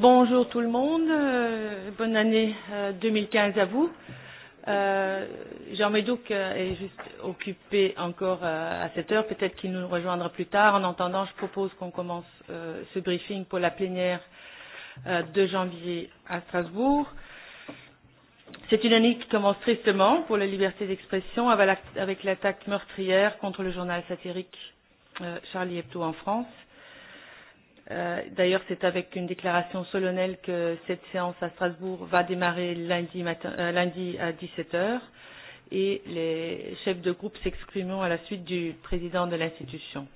Bonjour tout le monde, euh, bonne année euh, 2015 à vous. Euh, Jean Médouc euh, est juste occupé encore euh, à cette heure, peut-être qu'il nous rejoindra plus tard. En attendant, je propose qu'on commence euh, ce briefing pour la plénière euh, de janvier à Strasbourg. C'est une année qui commence tristement pour la liberté d'expression avec l'attaque meurtrière contre le journal satirique euh, Charlie Hebdo en France Euh, d'ailleurs, c'est avec une déclaration solennelle que cette séance à Strasbourg va démarrer lundi, matin, euh, lundi à 17h et les chefs de groupe s'exprimeront à la suite du président de l'institution.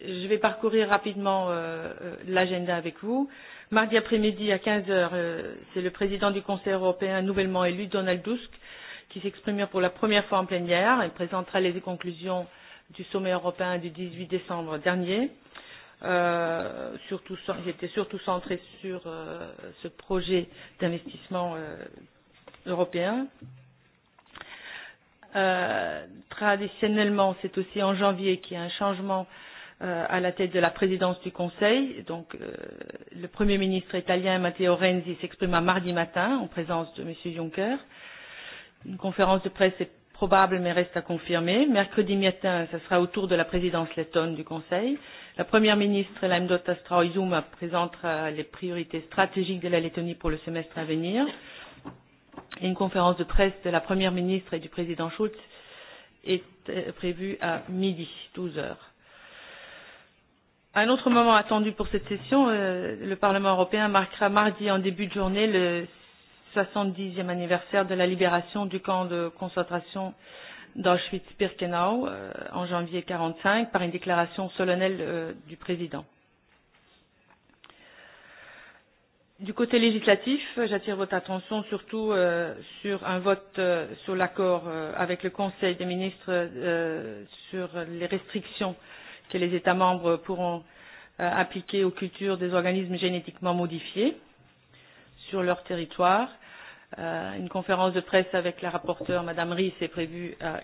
Je vais parcourir rapidement euh, euh l'agenda avec vous. Mardi après-midi à 15h, euh, c'est le président du Conseil européen nouvellement élu, Donald Tusk, qui s'exprimera pour la première fois en plénière et présentera les conclusions du sommet européen du 18 décembre dernier. Euh, Euh, surtout, j'étais surtout centrée sur euh, ce projet d'investissement euh, européen. Euh, traditionnellement, c'est aussi en janvier qu'il y a un changement euh, à la tête de la présidence du Conseil. Donc, euh, le Premier ministre italien Matteo Renzi s'exprima mardi matin en présence de M. Juncker. Une conférence de presse est probable mais reste à confirmer. Mercredi matin, ce sera au tour de la présidence lettonne du Conseil. La première ministre, Laimdota Straujuma, présentera les priorités stratégiques de la Lettonie pour le semestre à venir. Et une conférence de presse de la première ministre et du président Schulz est euh, prévue à midi, 12 heures. Un autre moment attendu pour cette session, euh, le Parlement européen marquera mardi en début de journée le 70e anniversaire de la libération du camp de concentration d'Auschwitz-Birkenau euh, en janvier 1945 par une déclaration solennelle euh, du président. Du côté législatif, euh, j'attire votre attention surtout euh, sur un vote euh, sur l'accord euh, avec le Conseil des ministres euh, sur les restrictions que les États membres pourront euh, appliquer aux cultures des organismes génétiquement modifiés sur leur territoire. Euh, une conférence de presse avec la rapporteure, Madame Ries, est prévue à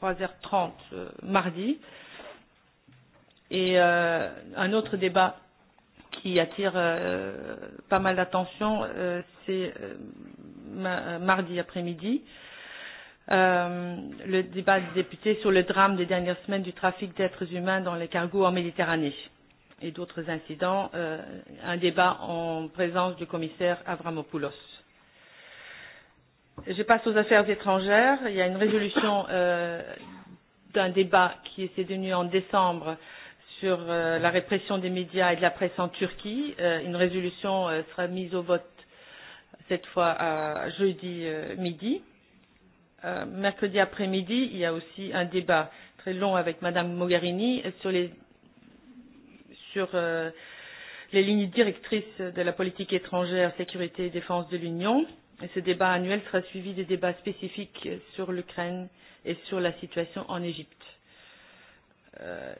3h30 euh, mardi. Et euh, un autre débat qui attire euh, pas mal d'attention, euh, c'est euh, ma euh, mardi après-midi. Euh, le débat des députés sur le drame des dernières semaines du trafic d'êtres humains dans les cargos en Méditerranée et d'autres incidents, euh, un débat en présence du commissaire Avramopoulos. Je passe aux affaires étrangères. Il y a une résolution euh, d'un débat qui s'est tenu en décembre sur euh, la répression des médias et de la presse en Turquie. Euh, une résolution euh, sera mise au vote cette fois à jeudi euh, midi. Euh, mercredi après-midi, il y a aussi un débat très long avec Madame Mogherini sur les sur euh, les lignes directrices de la politique étrangère, sécurité et défense de l'Union. Euh, Et ce débat annuel sera suivi des débats spécifiques sur l'Ukraine et sur la situation en Égypte. Euh,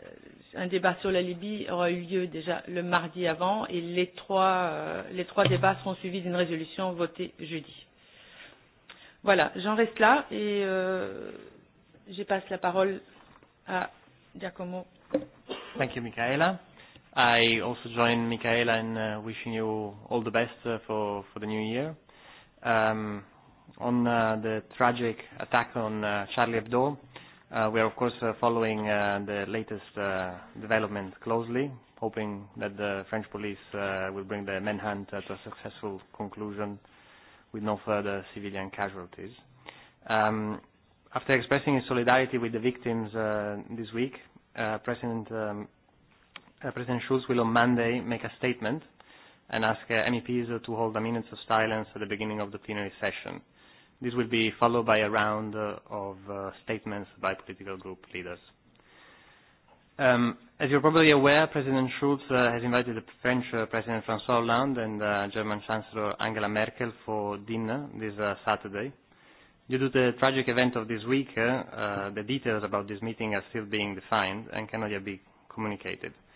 un débat sur la Libye aura eu lieu déjà le mardi avant et les trois, euh, les trois débats seront suivis d'une résolution votée jeudi. Voilà, j'en reste là et euh, je passe la parole à Giacomo. Thank you, Michaela. I also join Michaela in uh, wishing you all the best uh, for, for the new year um, on uh, the tragic attack on uh, Charlie Hebdo, uh, we are of course uh, following uh, the latest uh, development closely, hoping that the French police uh, will bring the manhunt uh, to a successful conclusion with no further civilian casualties. Um, after expressing his solidarity with the victims uh, this week, uh, President, um, uh, President Schulz will on Monday make a statement uh, and ask uh, MEPs to hold a minute of silence at the beginning of the plenary session. This will be followed by a round uh, of uh, statements by political group leaders. Um, as you're probably aware, President Schulz uh, has invited the French uh, President François Hollande and uh, German Chancellor Angela Merkel for dinner this uh, Saturday. Due to the tragic event of this week, uh, uh, the details about this meeting are still being defined and cannot yet be communicated. Uh,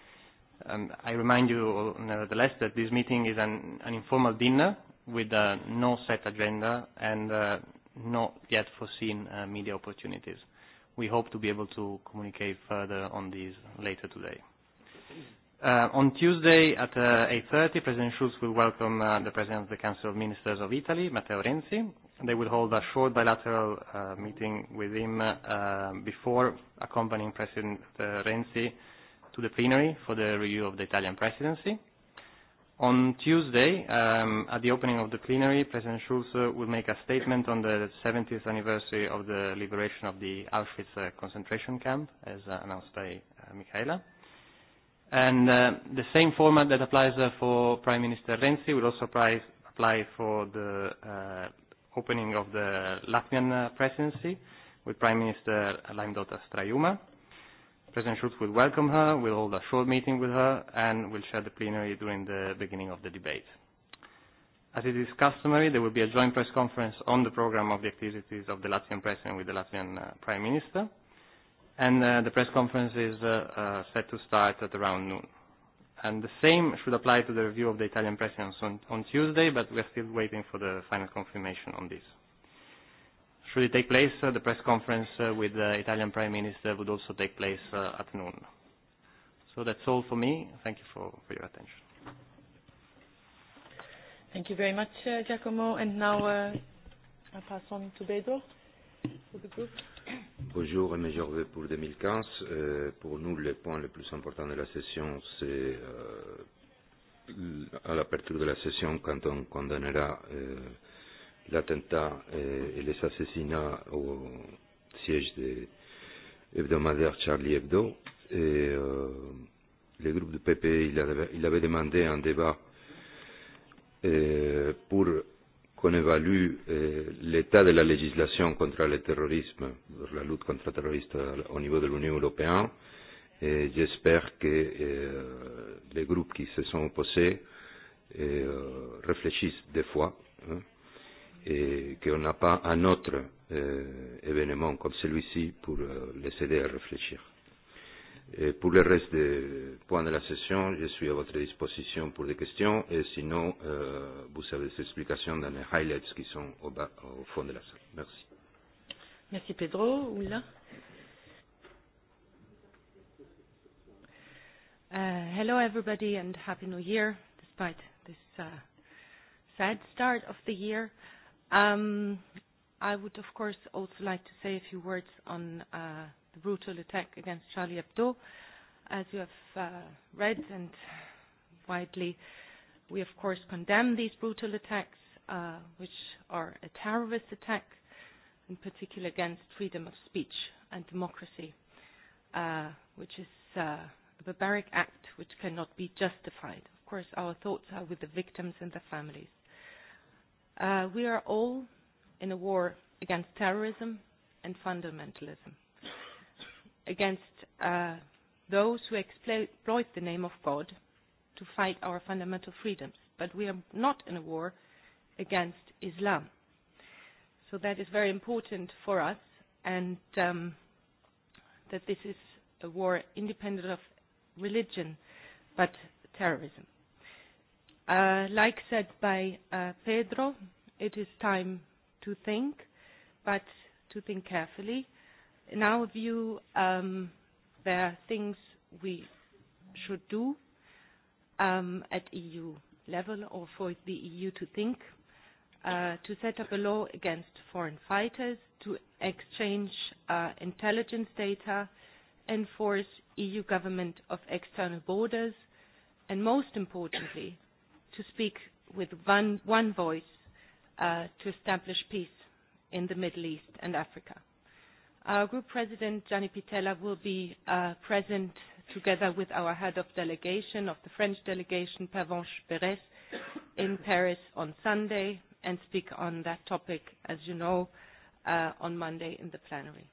Um, I remind you, nevertheless, that this meeting is an, an informal dinner with uh, no set agenda and uh, not yet foreseen uh, media opportunities. We hope to be able to communicate further on these later today. Uh, on Tuesday at uh, 8.30, President Schulz will welcome uh, the President of the Council of Ministers of Italy, Matteo Renzi. They will hold a short bilateral uh, meeting with him uh, before accompanying President uh, Renzi to the plenary for the review of the Italian presidency. On Tuesday, um, at the opening of the plenary, President Schulz uh, will make a statement on the 70th anniversary of the liberation of the Auschwitz uh, concentration camp, as uh, announced by uh, Michaela. And uh, the same format that applies uh, for Prime Minister Renzi will also apply, apply for the uh, opening of the Latvian uh, presidency with Prime Minister Laimdota Strajuma. Uh, President Schulz will welcome her, will hold a short meeting with her, and will share the plenary during the beginning of the debate. As it is customary, there will be a joint press conference on the program of the activities of the Latvian President with the Latvian uh, Prime Minister, and uh, the press conference is uh, uh, set to start at around noon. And the same should apply to the review of the Italian Presidency on, on Tuesday, but we are still waiting for the final confirmation on this should it take place, uh, the press conference uh, with the uh, Italian Prime Minister would also take place uh, at noon. So that's all for me. Thank you for, for your attention. Thank you very much, uh, Giacomo. And now uh, I pass on to Pedro for the group. Bonjour et mes vœux pour 2015. Euh, pour nous, le point le plus important de la session, c'est euh, à l'aperture de la session quand on condamnera euh, l'attentat et, eh, et les assassinats au siège des hebdomadaires Charlie Hebdo. Et euh, le groupe du PPE, il avait, il avait demandé un débat euh, pour qu'on évalue euh, l'état de la législation contre le terrorisme, la lutte contre le terrorisme au niveau de l'Union européenne. Et j'espère que euh, les groupes qui se sont opposés euh, réfléchissent des fois hein, et qu'on n'a pas un autre euh, événement comme celui-ci pour euh, les aider à réfléchir. Et pour le reste des points de la session, je suis à votre disposition pour des questions et sinon, euh, vous avez des explications dans les highlights qui sont au, bas, au fond de la salle. Merci. Merci Pedro. Oula. Uh, hello everybody and Happy New Year despite this uh, sad start of the year. Uh, Um, I would, of course, also like to say a few words on uh, the brutal attack against Charlie Hebdo. As you have uh, read and widely, we, of course, condemn these brutal attacks, uh, which are a terrorist attack, in particular against freedom of speech and democracy, uh, which is uh, a barbaric act which cannot be justified. Of course, our thoughts are with the victims and their families. Uh, we are all in a war against terrorism and fundamentalism, against uh, those who exploit the name of God to fight our fundamental freedoms. But we are not in a war against Islam. So that is very important for us, and um, that this is a war independent of religion, but terrorism. Uh, like said by uh, Pedro, it is time to think, but to think carefully. In our view, um, there are things we should do um, at EU level or for the EU to think, uh, to set up a law against foreign fighters, to exchange uh, intelligence data, enforce EU government of external borders, and most importantly, to speak with one, one voice uh, to establish peace in the Middle East and Africa. Our group president, Gianni Pitella, will be uh, present together with our head of delegation of the French delegation, Pavanche Beres, in Paris on Sunday and speak on that topic, as you know, uh, on Monday in the plenary.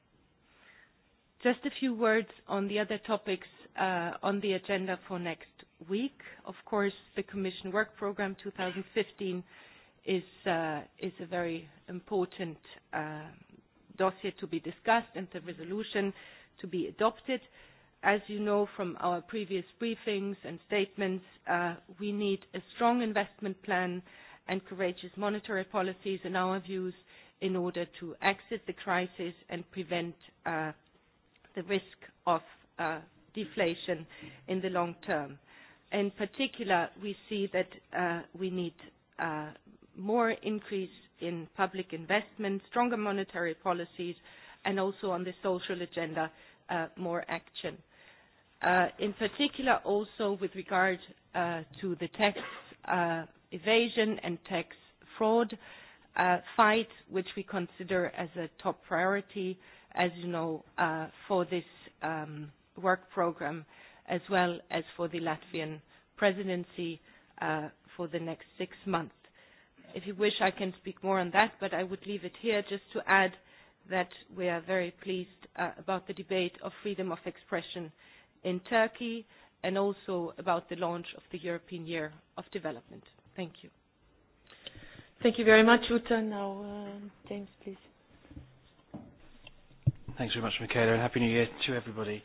Just a few words on the other topics uh, on the agenda for next week. Of course, the Commission Work Programme 2015 is, uh, is a very important uh, dossier to be discussed and the resolution to be adopted. As you know from our previous briefings and statements, uh, we need a strong investment plan and courageous monetary policies, in our views, in order to exit the crisis and prevent uh, the risk of uh, deflation in the long term. In particular, we see that uh, we need uh, more increase in public investment, stronger monetary policies, and also on the social agenda, uh, more action. Uh, in particular, also with regard uh, to the tax uh, evasion and tax fraud uh, fight, which we consider as a top priority, as you know, uh, for this um, work program uh, as well as for the Latvian presidency uh, for the next six months. If you wish, I can speak more on that, but I would leave it here just to add that we are very pleased uh, about the debate of freedom of expression in Turkey and also about the launch of the European Year of Development. Thank you. Thank you very much, Uta. Now, uh, James, please. Thanks very much, Michaela, and Happy New Year to everybody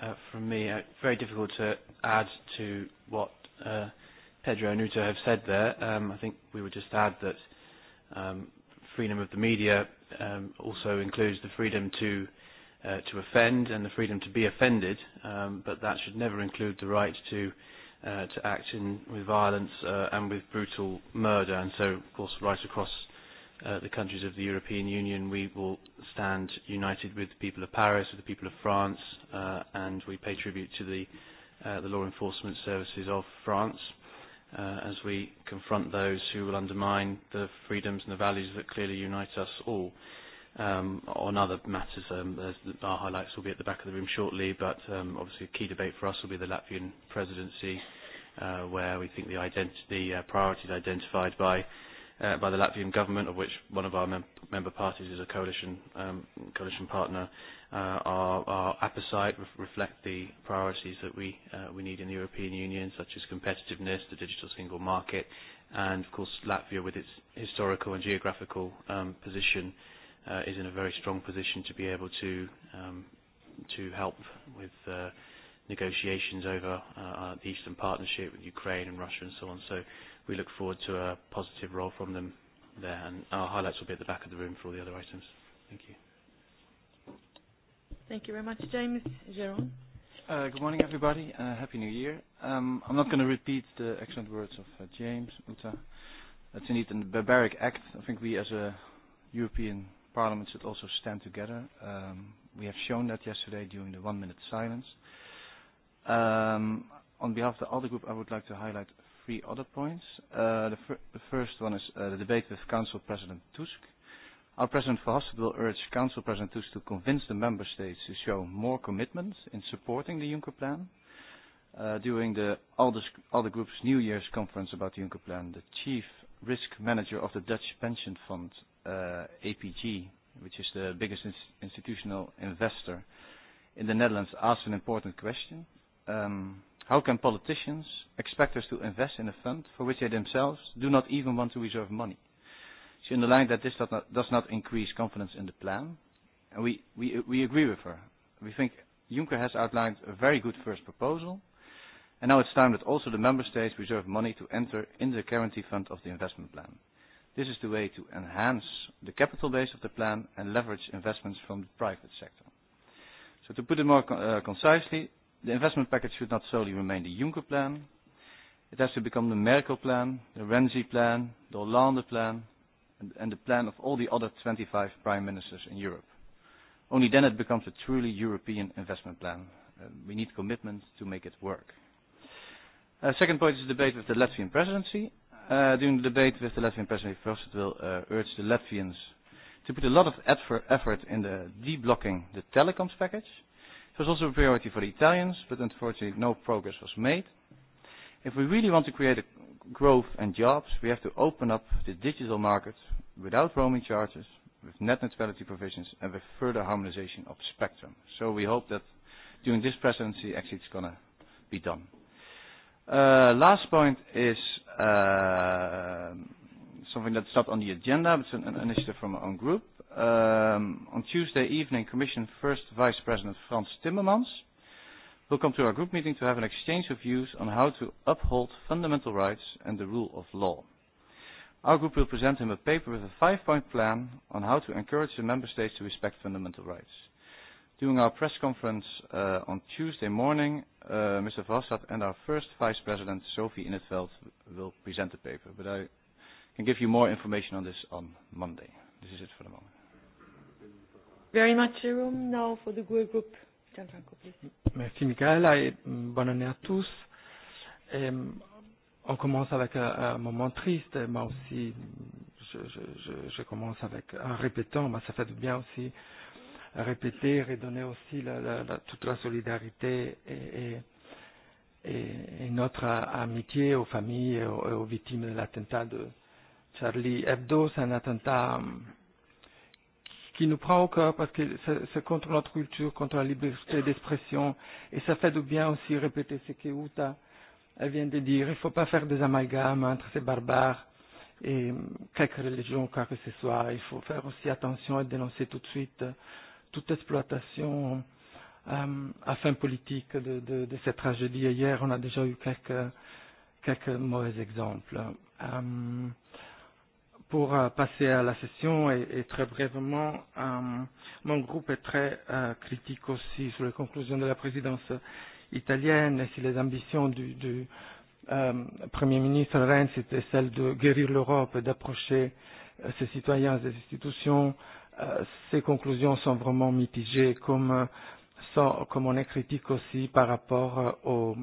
uh, from me. Uh, very difficult to add to what uh, Pedro and Uta have said there. Um, I think we would just add that um, freedom of the media um, also includes the freedom to uh, to offend and the freedom to be offended, um, but that should never include the right to uh, to act in with violence uh, and with brutal murder. And so, of course, right across uh, uh, the countries of the European Union, we will stand united with the people of Paris, with the people of France, uh, and we pay tribute to the, uh, the law enforcement services of France uh, as we confront those who will undermine the freedoms and the values that clearly unite us all. Um, on other matters, um, our highlights will be at the back of the room shortly, but um, obviously a key debate for us will be the Latvian presidency, uh, where we think the, ident- the uh, priorities identified by uh, uh, by the Latvian government, of which one of our mem member parties is a coalition, um, coalition partner, uh, our, our appetite ref reflect the priorities that we, uh, we need in the European Union, such as competitiveness, the digital single market, and of course Latvia with its historical and geographical um, position uh, is in a very strong position to be able to um, to help with uh, negotiations over uh, the Eastern Partnership with Ukraine and Russia and so on. So we look forward to a positive role from them there. And our highlights will be at the back of the room for all the other items. Thank you. Thank you very much, James. Jérôme? Uh, good morning, everybody. Uh, Happy New Year. Um, I'm not going to repeat the excellent words of uh, James, Uta. That's indeed a barbaric act. I think we as a European Parliament should also stand together. Um, we have shown that yesterday during the one-minute silence. Um, on behalf of the ALDE group, I would like to highlight three other points. Uh, the, fir the first one is uh, the debate with Council President Tusk. Our President Verhofstadt will urge Council President Tusk to convince the Member States to show more commitment in supporting the Juncker Plan. Uh, during the Alders, Alder Group's New Year's conference about the Juncker Plan, the Chief Risk Manager of the Dutch Pension Fund, uh, APG, which is the biggest ins institutional investor in the Netherlands, asked an important question. Um, How can politicians expect us to invest in a fund for which they themselves do not even want to reserve money? She underlined that this does not increase confidence in the plan, and we, we, we agree with her. We think Juncker has outlined a very good first proposal, and now it's time that also the member states reserve money to enter in the guarantee fund of the investment plan. This is the way to enhance the capital base of the plan and leverage investments from the private sector. So to put it more uh, concisely, The investment package should not solely remain the Juncker plan. It has to become the Merkel plan, the Renzi plan, the Hollande plan, and, and the plan of all the other 25 prime ministers in Europe. Only then it becomes a truly European investment plan. Uh, we need commitment to make it work. Uh, second point is the debate with the Latvian presidency. Uh, during the debate with the Latvian presidency, first it will uh, urge the Latvians to put a lot of effort in the deblocking the telecoms package. Uh, It was also a priority for the Italians, but unfortunately no progress was made. If we really want to create a growth and jobs, we have to open up the digital market without roaming charges, with net neutrality provisions, and with further harmonization of spectrum. So we hope that during this presidency, actually it's going to be done. Uh, last point is uh, something that's not on the agenda, but it's an, an initiative from our own group um, on Tuesday evening, Commission First Vice President Frans Timmermans will come to our group meeting to have an exchange of views on how to uphold fundamental rights and the rule of law. Our group will present him a paper with a five-point plan on how to encourage the member states to respect fundamental rights. During our press conference uh, on Tuesday morning, uh, Mr. Vossat and our first Vice President, Sophie Inetveld, will present the paper. But I can give you more information on this on Monday. This is it for the moment very much, Jérôme. Now for the GUE group, Gianfranco, please. Merci, Michaela, et bonne année à tous. Et on commence avec un, un moment triste. Moi aussi, je, je, je, je commence avec en répétant, mais ça fait du bien aussi répéter, redonner aussi la, la, la, toute la solidarité et, et, et, et notre amitié aux familles et aux, et aux victimes de l'attentat de Charlie Hebdo. C'est un attentat. Hum, qui nous prend au cœur parce que c'est contre notre culture, contre la liberté d'expression. Et ça fait du bien aussi répéter ce que Uta vient de dire. Il ne faut pas faire des amalgames entre ces barbares et quelque religion, quoi que ce soit. Il faut faire aussi attention et dénoncer tout de suite toute exploitation euh, à fin politique de, de, de cette tragédie. Hier, on a déjà eu quelques, quelques mauvais exemples. Euh, um, pour euh, passer à la session et, et très brièvement, euh, mon groupe est très euh, critique aussi sur les conclusions de la présidence italienne et sur les ambitions du, du euh, Premier ministre Renzi et celle de guérir l'Europe et d'approcher euh, ses citoyens des institutions. Euh, ces conclusions sont vraiment mitigées comme euh, sont, euh, comme on est critique aussi par rapport euh, au, euh,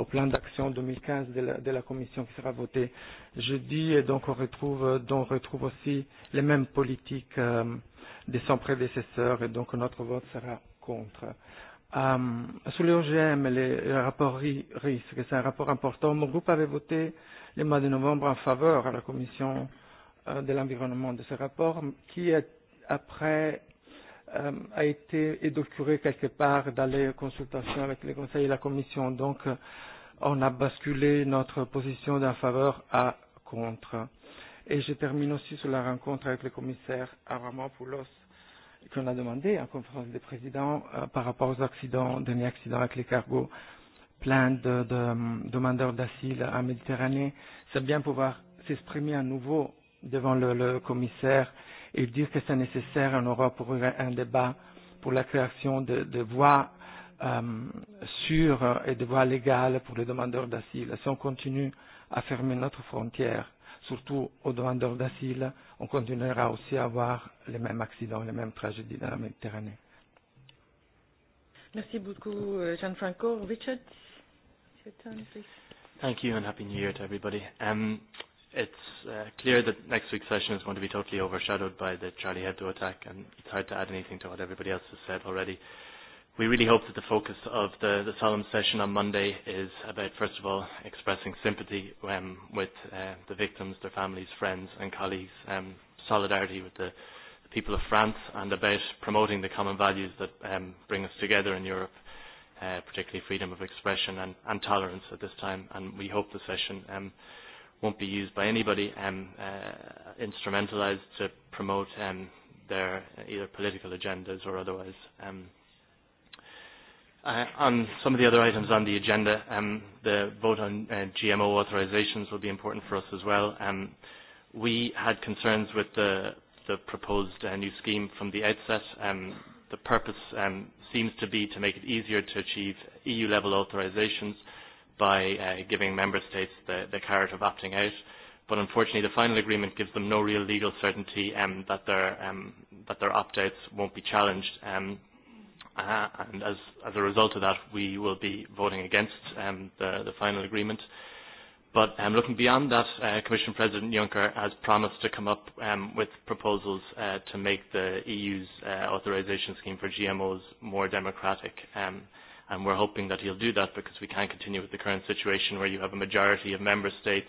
au plan d'action 2015 de la, de la Commission qui sera voté jeudi. Et donc, on retrouve, donc on retrouve aussi les mêmes politiques euh, de son prédécesseur. Et donc, notre vote sera contre. Euh, sur les OGM, les, le rapport RIS, que c'est un rapport important, mon groupe avait voté le mois de novembre en faveur à la Commission euh, de l'environnement de ce rapport, qui est après euh, a été édulcoré quelque part dans les consultations avec les conseils et la commission. Donc, euh, on a basculé notre position d'un faveur à contre. Et je termine aussi sur la rencontre avec le commissaire Avramopoulos qu'on a demandé en conférence des présidents euh, par rapport aux accidents, derniers accidents avec les cargos, plein de, de euh, demandeurs d'asile en Méditerranée. C'est bien pouvoir s'exprimer à nouveau devant le, le commissaire euh, et dire que c'est nécessaire en Europe pour un débat pour la création de, de voies euh, sûres et de voies légales pour les demandeurs d'asile. Si on continue à fermer notre frontière, surtout aux demandeurs d'asile, on continuera aussi à avoir les mêmes accidents, les mêmes tragédies dans la Méditerranée. Merci beaucoup, euh, Gianfranco. Richard, it's your turn, please. Thank you, and Happy New Year to everybody. Um, it's uh, clear that next week's session is going to be totally overshadowed by the Charlie Hebdo attack, and it's hard to add anything to what everybody else has said already. We really hope that the focus of the, the solemn session on Monday is about, first of all, expressing sympathy um, with uh, the victims, their families, friends, and colleagues, um, solidarity with the, the people of France, and about promoting the common values that um, bring us together in Europe, uh, particularly freedom of expression and, and tolerance at this time. And we hope the session um, uh, won't be used by anybody um, uh, instrumentalized to promote um, their uh, either political agendas or otherwise. Um, uh, on some of the other items on the agenda, um, the vote on uh, GMO authorizations will be important for us as well. Um, we had concerns with the, the proposed uh, new scheme from the outset. Um, the purpose um, seems to be to make it easier to achieve EU-level authorizations uh, by uh, giving member states the, the carrot of opting out. But unfortunately, the final agreement gives them no real legal certainty um, that their um, that their opt-outs won't be challenged. Um, uh, and as as a result of that, we will be voting against um, the the final agreement. But um, looking beyond that, uh, Commission President Juncker has promised to come up um, with proposals uh, to make the EU's uh, authorization scheme for GMOs more democratic. Um, uh, and we're hoping that he'll do that because we can't continue with the current situation where you have a majority of member states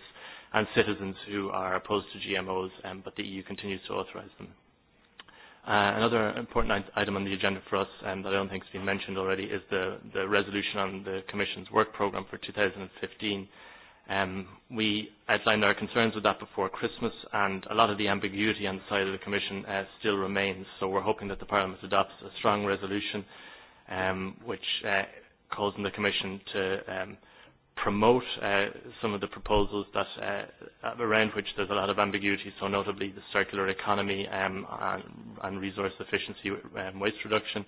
and citizens who are opposed to GMOs, um, but the EU continues to authorise them. Uh, another important item on the agenda for us um, that I don't think has been mentioned already is the, the resolution on the Commission's work programme for 2015. Um, we outlined our concerns with that before Christmas and a lot of the ambiguity on the side of the Commission uh, still remains, so we're hoping that the Parliament adopts a strong resolution uh, um, which uh, calls on the Commission to um, promote uh, some of the proposals that uh, around which there's a lot of ambiguity, so notably the circular economy um, and, and resource efficiency um, waste reduction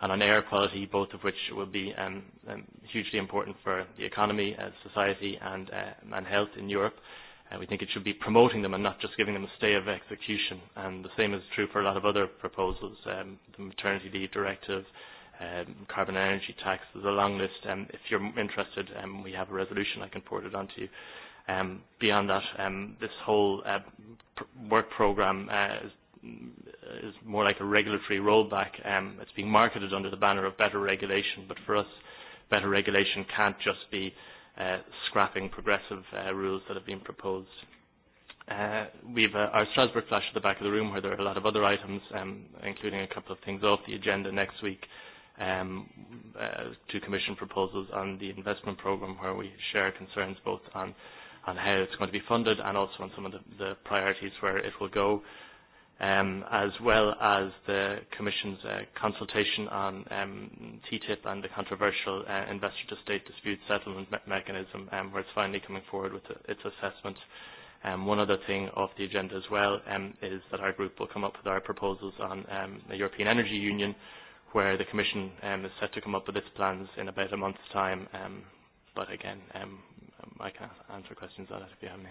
and on air quality, both of which will be um, um, hugely important for the economy, uh, society and, uh, and health in Europe. Uh, we think it should be promoting them and not just giving them a stay of execution. And the same is true for a lot of other proposals, um, the maternity leave directive, uh, um, carbon energy tax. There's a long list. Um, if you're interested, um, we have a resolution. I can forward it on to you. Um, beyond that, um, this whole uh, pr- work programme uh, is is more like a regulatory rollback. Um, it's being marketed under the banner of better regulation, but for us, better regulation can't just be uh, scrapping progressive uh, rules that have been proposed. Uh, we've uh, our Strasbourg flash at the back of the room where there are a lot of other items, um, including a couple of things off the agenda next week. Uh, um, uh, to Commission proposals on the investment programme where we share concerns both on, on how it's going to be funded and also on some of the, the priorities where it will go, um, as well as the Commission's uh, consultation on um, TTIP and the controversial uh, investor-to-state dispute settlement me mechanism um, where it's finally coming forward with the, its assessment. Um, one other thing off the agenda as well um, is that our group will come up with our proposals on um, the European Energy Union, uh, where the Commission um, is set to come up with its plans in about a month's time. Um, but again, um, I can answer questions on that if you have any.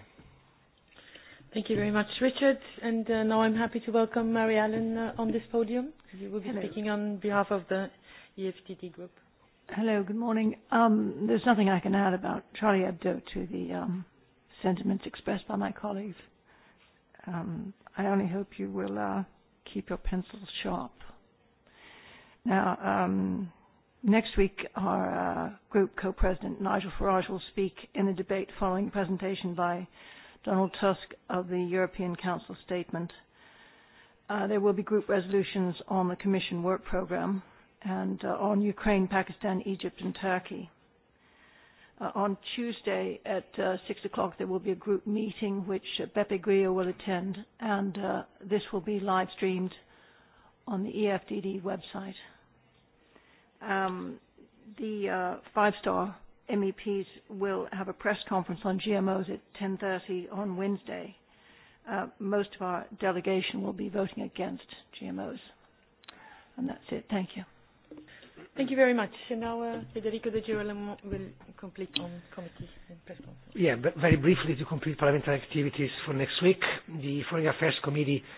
Thank you very much, Richard. And uh, now I'm happy to welcome Mary Allen uh, on this podium. You will be Hello. speaking on behalf of the EFTD group. Hello, good morning. Um, there's nothing I can add about Charlie Hebdo to the um, sentiments expressed by my colleagues. Um, I only hope you will uh, keep your pencils sharp. Now, um, next week, our uh, group co-president Nigel Farage will speak in a debate following a presentation by Donald Tusk of the European Council statement. Uh, there will be group resolutions on the Commission work programme and uh, on Ukraine, Pakistan, Egypt and Turkey. Uh, on Tuesday at uh, 6 o'clock there will be a group meeting which uh, Beppe Grillo will attend and uh, this will be live streamed uh, on the EFDD website. Um, the uh, five-star MEPs will have a press conference on GMOs at 10.30 on Wednesday. Uh, most of our delegation will be voting against GMOs. And that's it. Thank you. Thank you very much. And now uh, Federico De Girolamo will complete on committee and press conference. Yeah, but very briefly to complete parliamentary activities for next week. The Foreign Affairs Committee uh,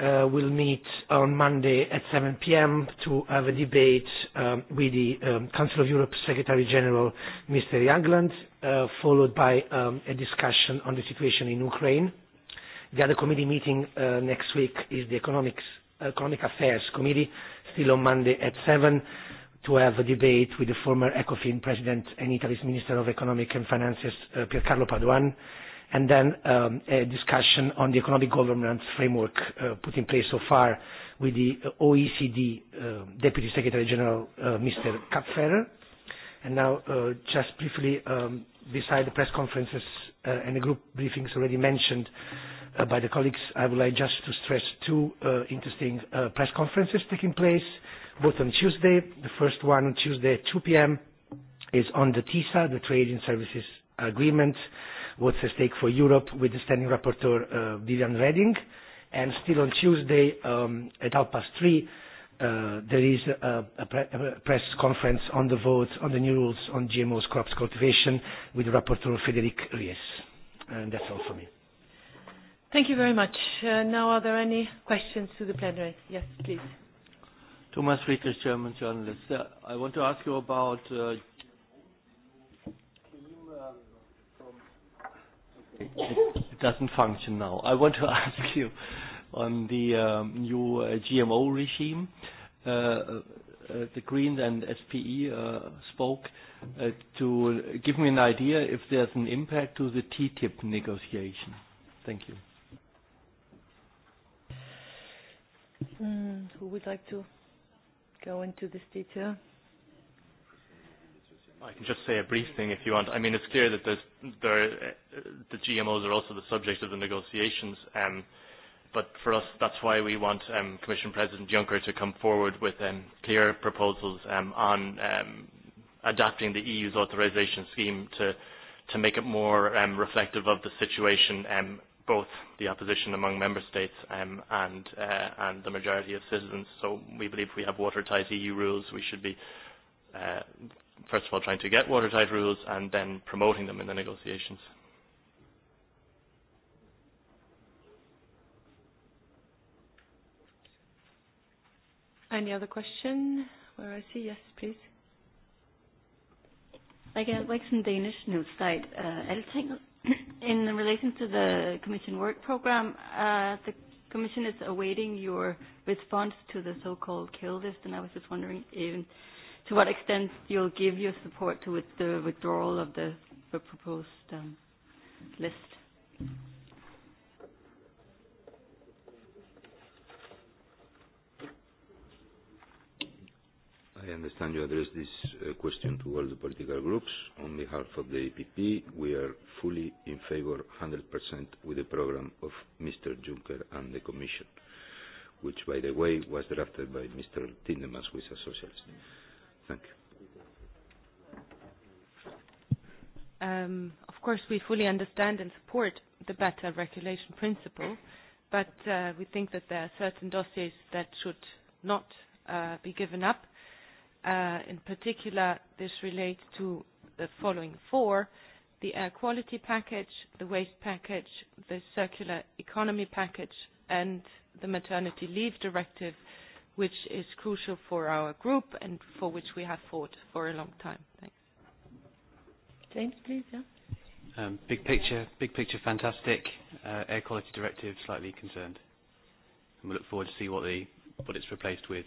uh, will meet on Monday at 7 p.m. to have a debate um, with the um, Council of Europe Secretary General, Mr. Jagland, uh, followed by um, a discussion on the situation in Ukraine. The other committee meeting uh, next week is the Economics, Economic Affairs Committee, still on Monday at 7 to have a debate with the former ECOFIN president and Italy's Minister of Economic and Finances, uh, Piercarlo Paduan, and then um, a discussion on the economic governance framework uh, put in place so far with the OECD uh, Deputy Secretary General, uh, Mr. Kapferer. And now, uh, just briefly, um, beside the press conferences uh, and the group briefings already mentioned uh, by the colleagues, I would like just to stress two uh, interesting uh, press conferences taking place, both on Tuesday. The first one on Tuesday at 2 p.m. is on the TISA, the Trade in Services Agreement, uh, What's at Stake for Europe with the Standing Rapporteur uh, Vivian Redding. And still on Tuesday um, at half past three, uh, there is a, a, pre a press conference on the vote on the new rules on GMOs crops cultivation with Rapporteur Frederic Ries. And that's all for me. Thank you very much. Uh, now, are there any questions to the plenary? Yes, please. Thomas Friedrich, German journalist. Uh, I want to ask you about uh, It, it doesn't function now. I want to ask you on the um, new uh, GMO regime. Uh, uh, uh, the Greens and SPE uh, spoke uh, to give me an idea if there's an impact to the TTIP negotiation. Thank you. Mm, who would like to go into this detail? I can just say a brief thing if you want. I mean, it's clear that there's, there, the GMOs are also the subject of the negotiations. Um, but for us, that's why we want um, Commission President Juncker to come forward with um, clear proposals um, on um, adapting the EU's authorization scheme to, to make it more um, reflective of the situation, um, both the opposition among member states um, and, uh, and the majority of citizens. So we believe we have watertight EU rules. We should be uh, first of all trying to get watertight rules and then promoting them in the negotiations. Any other question? Where I see, yes, please. I guess uh, like some Danish news site uh, editing. In relation to the Commission work program, uh, the Commission is awaiting your response to the so-called kill list, and I was just wondering if to what extent you'll give your support to with the withdrawal of the, the proposed um, list. I understand you addressed this uh, question to all the political groups. On behalf of the EPP, we are fully in favor 100% with the program of Mr. Juncker and the Commission, which, by the way, was drafted by Mr. Tindemans, who is a socialist. Mm -hmm. Thank you. Um, of course, we fully understand and support the better regulation principle, but uh, we think that there are certain dossiers that should not uh, be given up. Uh, in particular, this relates to the following four, the air quality package, the waste package, the circular economy package, and the maternity leave directive, uh, which is crucial for our group and for which we have fought for a long time. Thanks. James, please. Yeah. Um, big picture, big picture, fantastic. Uh, air quality directive, slightly concerned, and we look forward to see what the what it's replaced with.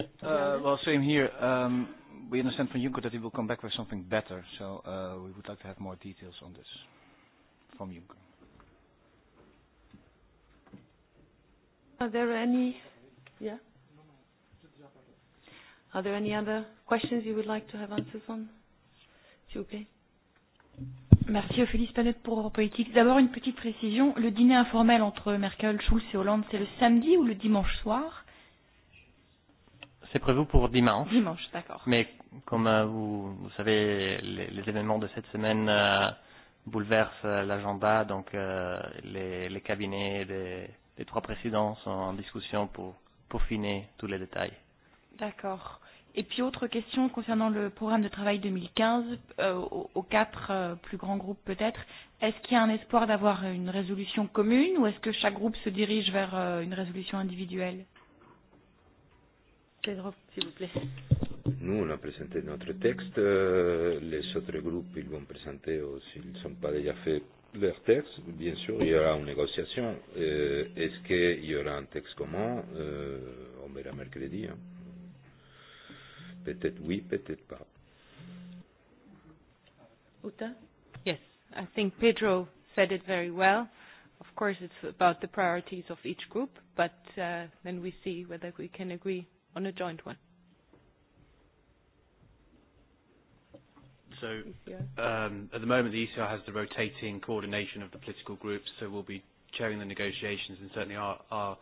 Uh, well, same here. Um, we understand from Juncker that he will come back with something better, so uh, we would like to have more details on this from Juncker. Are there any? Yeah. Are there any other questions you would like to have answers on? S'il vous plaît. Merci Ophélie Spanette pour Europe Politique. D'abord une petite précision. Le dîner informel entre Merkel, Schulz et Hollande, c'est le samedi ou le dimanche soir C'est prévu pour dimanche. Dimanche, d'accord. Mais comme euh, vous, vous savez, les, les événements de cette semaine euh, bouleversent euh, l'agenda, donc euh, les, les cabinets des les trois présidents sont en discussion pour peaufiner tous les détails. D'accord. Et puis autre question concernant le programme de travail 2015, euh, aux, aux quatre euh, plus grands groupes peut-être, est-ce qu'il y a un espoir d'avoir une résolution commune ou est-ce que chaque groupe se dirige vers euh, une résolution individuelle Pedro, s'il vous plaît. Nous, on a présenté notre texte. Euh, les autres groupes, ils vont présenter, oh, s'ils ne sont pas déjà faits, leur texte, bien sûr, il y aura une négociation. Euh, Est-ce qu'il y aura un texte commun euh, On verra mercredi. Hein. Peut-être oui, peut-être pas. Uta? Yes, I think Pedro said it very well. Of course, it's about the priorities of each group, but uh, then we see whether we can agree on a joint one. So um, at the moment, the ECR has the rotating coordination of the political groups, so we'll be chairing the negotiations, and certainly our, our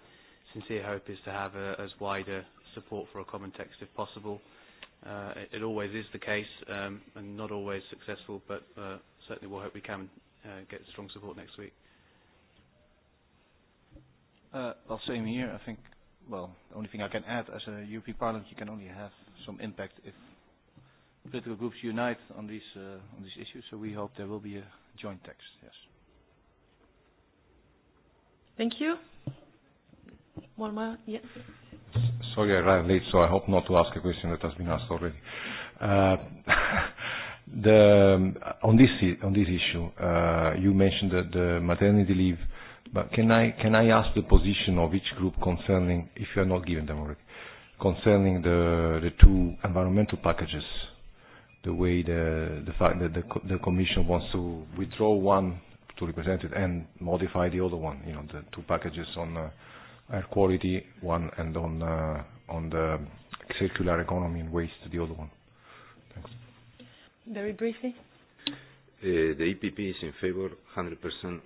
sincere hope is to have a, as wide a support for a common text if possible. Uh, it, it always is the case, um, and not always successful, but uh, certainly we'll hope we can uh, get strong support next week. Uh, well, same here. I think, well, the only thing I can add, as a European Parliament, you can only have some impact if political groups unite on these uh, on these issues. So we hope there will be a joint text. Yes. Thank you. One more. Yes. Yeah. Sorry, I ran late, so I hope not to ask a question that has been asked already. Uh, the um, on this on this issue, uh, you mentioned that the maternity leave. But can I can I ask the position of each group concerning, if you are not given them already, concerning the the two environmental packages the way the the fact that the the commission wants to withdraw one to be presented and modify the other one, you know, the two packages on uh, air quality one and on uh, on the circular economy and waste the other one. Thanks. Very briefly. Uh, the EPP is in favor 100%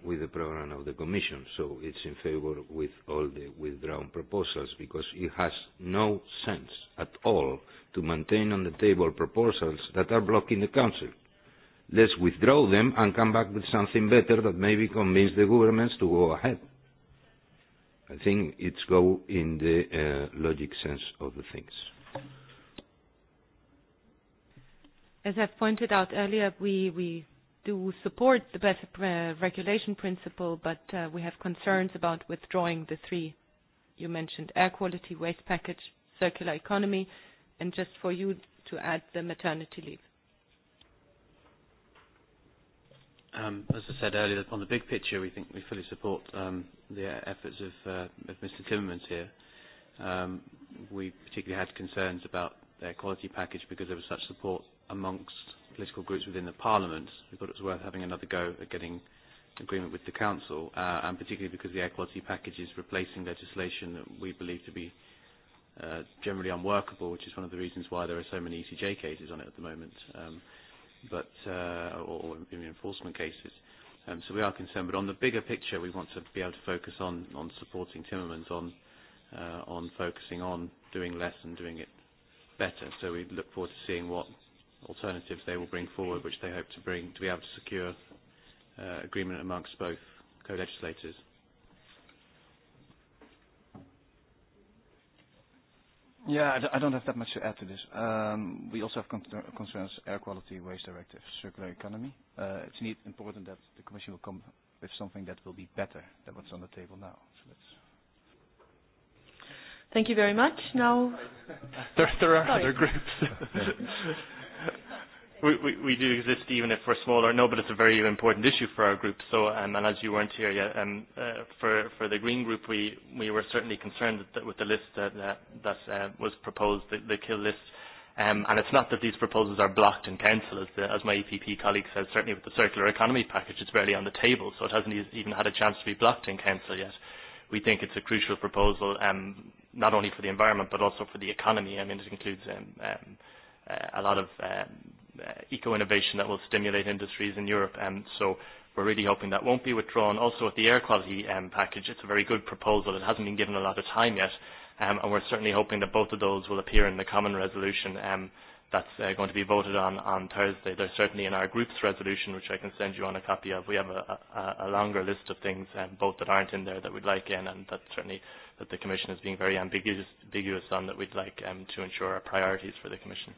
with the program of the Commission, so it's in favor with all the with background proposals because it has no sense at all to maintain on the table proposals that are blocking the Council. Let's withdraw them and come back with something better that maybe convince the governments to go ahead. I think it's go in the uh, logic sense of the things. As I've pointed out earlier, we, we do support the better uh, regulation principle, but uh, we have concerns about withdrawing the three You mentioned air quality, waste package, circular economy, and just for you to add the maternity leave. Um, as I said earlier, on the big picture, we think we fully support um, the efforts of, uh, of Mr. Timmermans here. Um, we particularly had concerns about their quality package because there was such support amongst political groups within the Parliament. We thought it was worth having another go at getting agreement with the Council, uh, and particularly because the air quality package is replacing legislation that we believe to be uh, generally unworkable, which is one of the reasons why there are so many ECJ cases on it at the moment, um, but, uh, or, or enforcement cases. Um, so we are concerned, but on the bigger picture, we want to be able to focus on, on supporting Timmermans, on, uh, on focusing on doing less and doing it better. So we look forward to seeing what alternatives they will bring forward, which they hope to bring to be able to secure uh, agreement amongst both co-legislators. Yeah, I, d I don't have that much to add to this. Um, we also have con concerns air quality, waste directive, circular economy. Uh, it's neat, important that the Commission will come with something that will be better than what's on the table now. So let's Thank you very much. Now there, there are Sorry. other groups. We, we, we do exist even if we're smaller. No, but it's a very important issue for our group. So, um, and as you weren't here yet, um, uh, for, for the Green Group, we, we were certainly concerned that with the list that, that, that uh, was proposed, the, the kill list. Um, and it's not that these proposals are blocked in council, as, the, as my EPP colleague says, certainly with the circular economy package, it's barely on the table, so it hasn't e, even had a chance to be blocked in council yet. We think it's a crucial proposal, um, not only for the environment, but also for the economy. I mean, it includes um, um, uh, a lot of um, Uh, eco-innovation that will stimulate industries in Europe. Um, so we're really hoping that won't be withdrawn. Also, with the air quality um, package, it's a very good proposal. It hasn't been given a lot of time yet, um, and we're certainly hoping that both of those will appear in the common resolution um, that's uh, going to be voted on on Thursday. They're certainly in our group's resolution, which I can send you on a copy of. We have a, a, a longer list of things, um, both that aren't in there that we'd like in, and that certainly that the Commission is being very ambiguous, ambiguous on that we'd like um, to ensure our priorities for the Commission.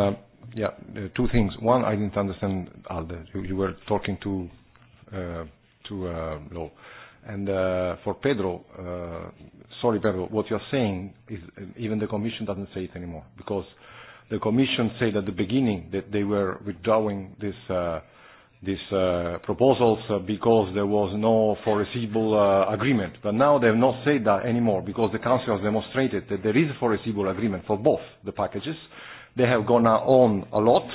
Um, yeah, uh, two things. One, I didn't understand Alde. You, you were talking to uh, to uh, Law. And uh, for Pedro, uh, sorry Pedro, what you're saying is uh, even the Commission doesn't say it anymore because the Commission said at the beginning that they were withdrawing this. Uh, these uh, proposals uh, because there was no foreseeable uh, agreement. But now they have not said that anymore because the Council has demonstrated that there is a foreseeable agreement for both the packages. Uh, They have gone on a lot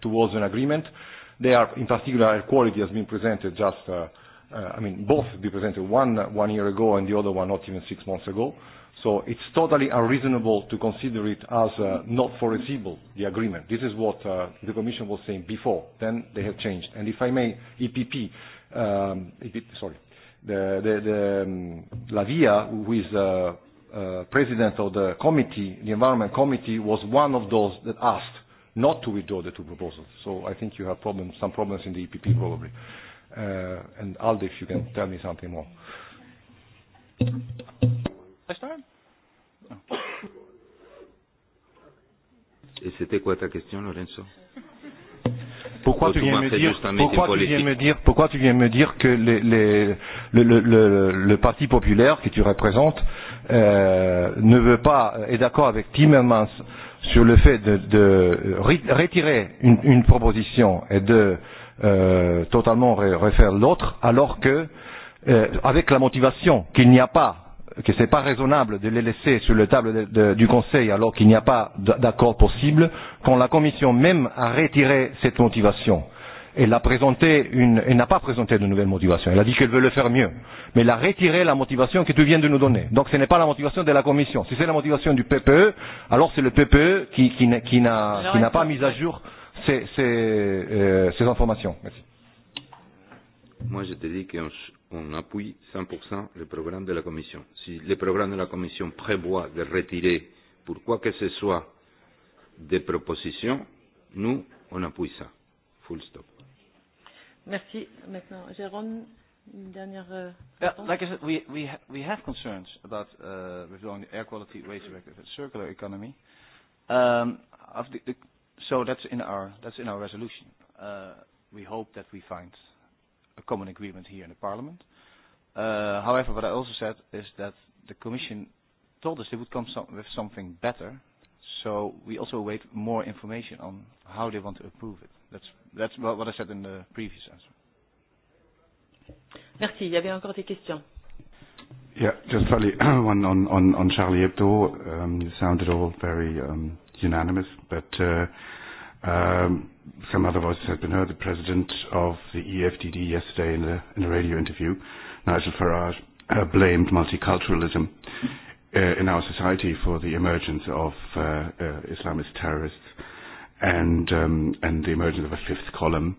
towards an agreement. They are, in particular, air quality has been presented just, uh, uh, I mean, both be presented one one year ago and the other one not even six months ago. So it's totally unreasonable to consider it as uh, not foreseeable, the agreement. This is what uh, the Commission was saying before. Then they have changed. And if I may, EPP, um, EP, sorry, the, the, the, um, La Via, who is uh, uh, president of the committee, the environment committee, was one of those that asked not to withdraw the two proposals. So I think you have problems, some problems in the EPP probably. Uh, and Alde, if you can tell me something more. I start? Oh. Et c'était quoi ta question, Lorenzo pourquoi tu, viens me dire, pourquoi, tu viens me dire, pourquoi tu viens me dire que les, les, le, le, le, le Parti populaire que tu représentes euh, euh, ne veut pas, euh, est d'accord avec Timmermans sur le fait de, de retirer une, une proposition et de euh, totalement refaire l'autre, alors que, euh, avec la motivation qu'il n'y a pas que ce n'est pas raisonnable de les laisser sur la table de, de, du Conseil alors qu'il n'y a pas d'accord possible, quand la Commission même a retiré cette motivation. Euh, elle a présenté une, elle n'a pas présenté de nouvelles motivations. Elle a dit qu'elle veut le faire mieux. Mais elle a retiré la motivation que tu viens de nous donner. Donc ce n'est pas la motivation de la Commission. Si c'est la motivation du PPE, alors c'est le PPE qui, qui, qui n'a, qui n'a pas mis à jour ces, ces, euh, ces informations. Merci. Moi, je te dis qu'on on appuie 100% le programme de la Commission. Si le programme de la Commission prévoit de retirer pour quoi que ce soit des propositions, nous, on appuie ça. Full stop. Merci. Maintenant, Jérôme, une dernière euh, réponse. Yeah, like I said, we, we, ha we have concerns about uh, withdrawing the air quality waste directive and circular economy. Um, of the, the, so that's in our that's in our resolution. Uh, we hope that we find a common agreement here in the Parliament. Uh, however, what I also said is that the Commission told us they would come some, with something better, so we also await more information on how they want to approve it. That's, that's what I said in the previous answer. Merci. Il y avait encore des questions. Yeah, just finally, one on, on, on Charlie Hebdo. Um, you sounded all very um, unanimous, but uh, um, some other voices have been heard. The president of the EFDD yesterday in a, in a radio interview, Nigel Farage, uh, blamed multiculturalism uh, in our society for the emergence of uh, uh, Islamist terrorists. Uh, and, um, and the emergence of a fifth column.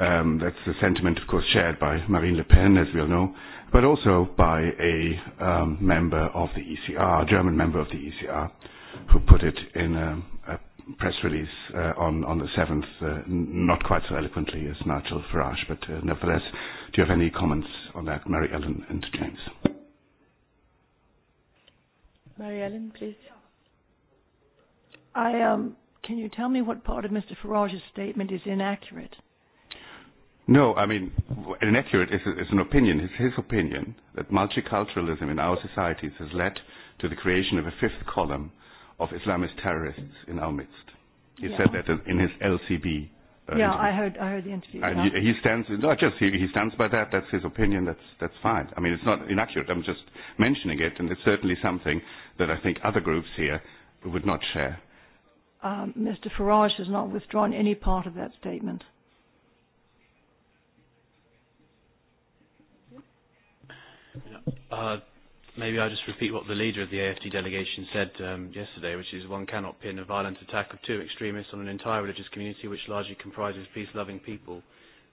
Um, that's a sentiment, of course, shared by Marine Le Pen, as we all know, but also by a um, member of the ECR, a German member of the ECR, who put it in a, a press release uh, on, on the 7th, uh, not quite so eloquently as Nigel Farage, but uh, nevertheless, do you have any comments on that, Mary Ellen and James? Mary Ellen, please. I um, Can you tell me what part of Mr. Farage's statement is inaccurate? No, I mean, inaccurate is, is an opinion. It's his opinion that multiculturalism in our societies has led to the creation of a fifth column of Islamist terrorists in our midst. He yeah. said that in his LCB. Uh, yeah, interview. I heard. I heard the interview. And yeah. he, he stands not just he, he stands by that. That's his opinion. That's that's fine. I mean, it's not inaccurate. I'm just mentioning it, and it's certainly something that I think other groups here would not share um, Mr. Farage has not withdrawn any part of that statement. Uh, maybe I'll just repeat what the leader of the AFD delegation said um, yesterday, which is one cannot pin a violent attack of two extremists on an entire religious community which largely comprises peace-loving people.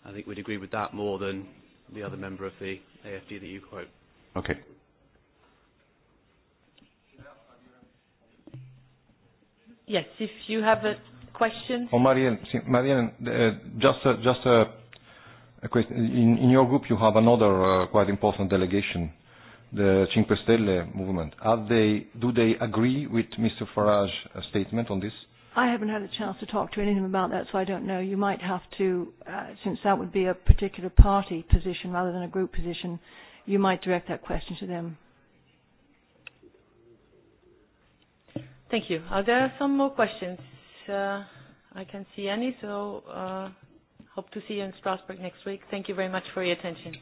I think we'd agree with that more than the other member of the AFD that you quote. Okay. Yes, if you have a question. Oh, Marielle, Marielle uh, just uh, just uh, a question. In, in your group, you have another uh, quite important delegation, the Cinque Stelle movement. Are they, do they agree with Mr. Farage's uh, statement on this? I haven't had a chance to talk to anything about that, so I don't know. You might have to, uh, since that would be a particular party position rather than a group position, you might direct that question to them. Thank you. Are there some more questions? Uh, I can't see any, so uh, hope to see you in Strasbourg next week. Thank you very much for your attention.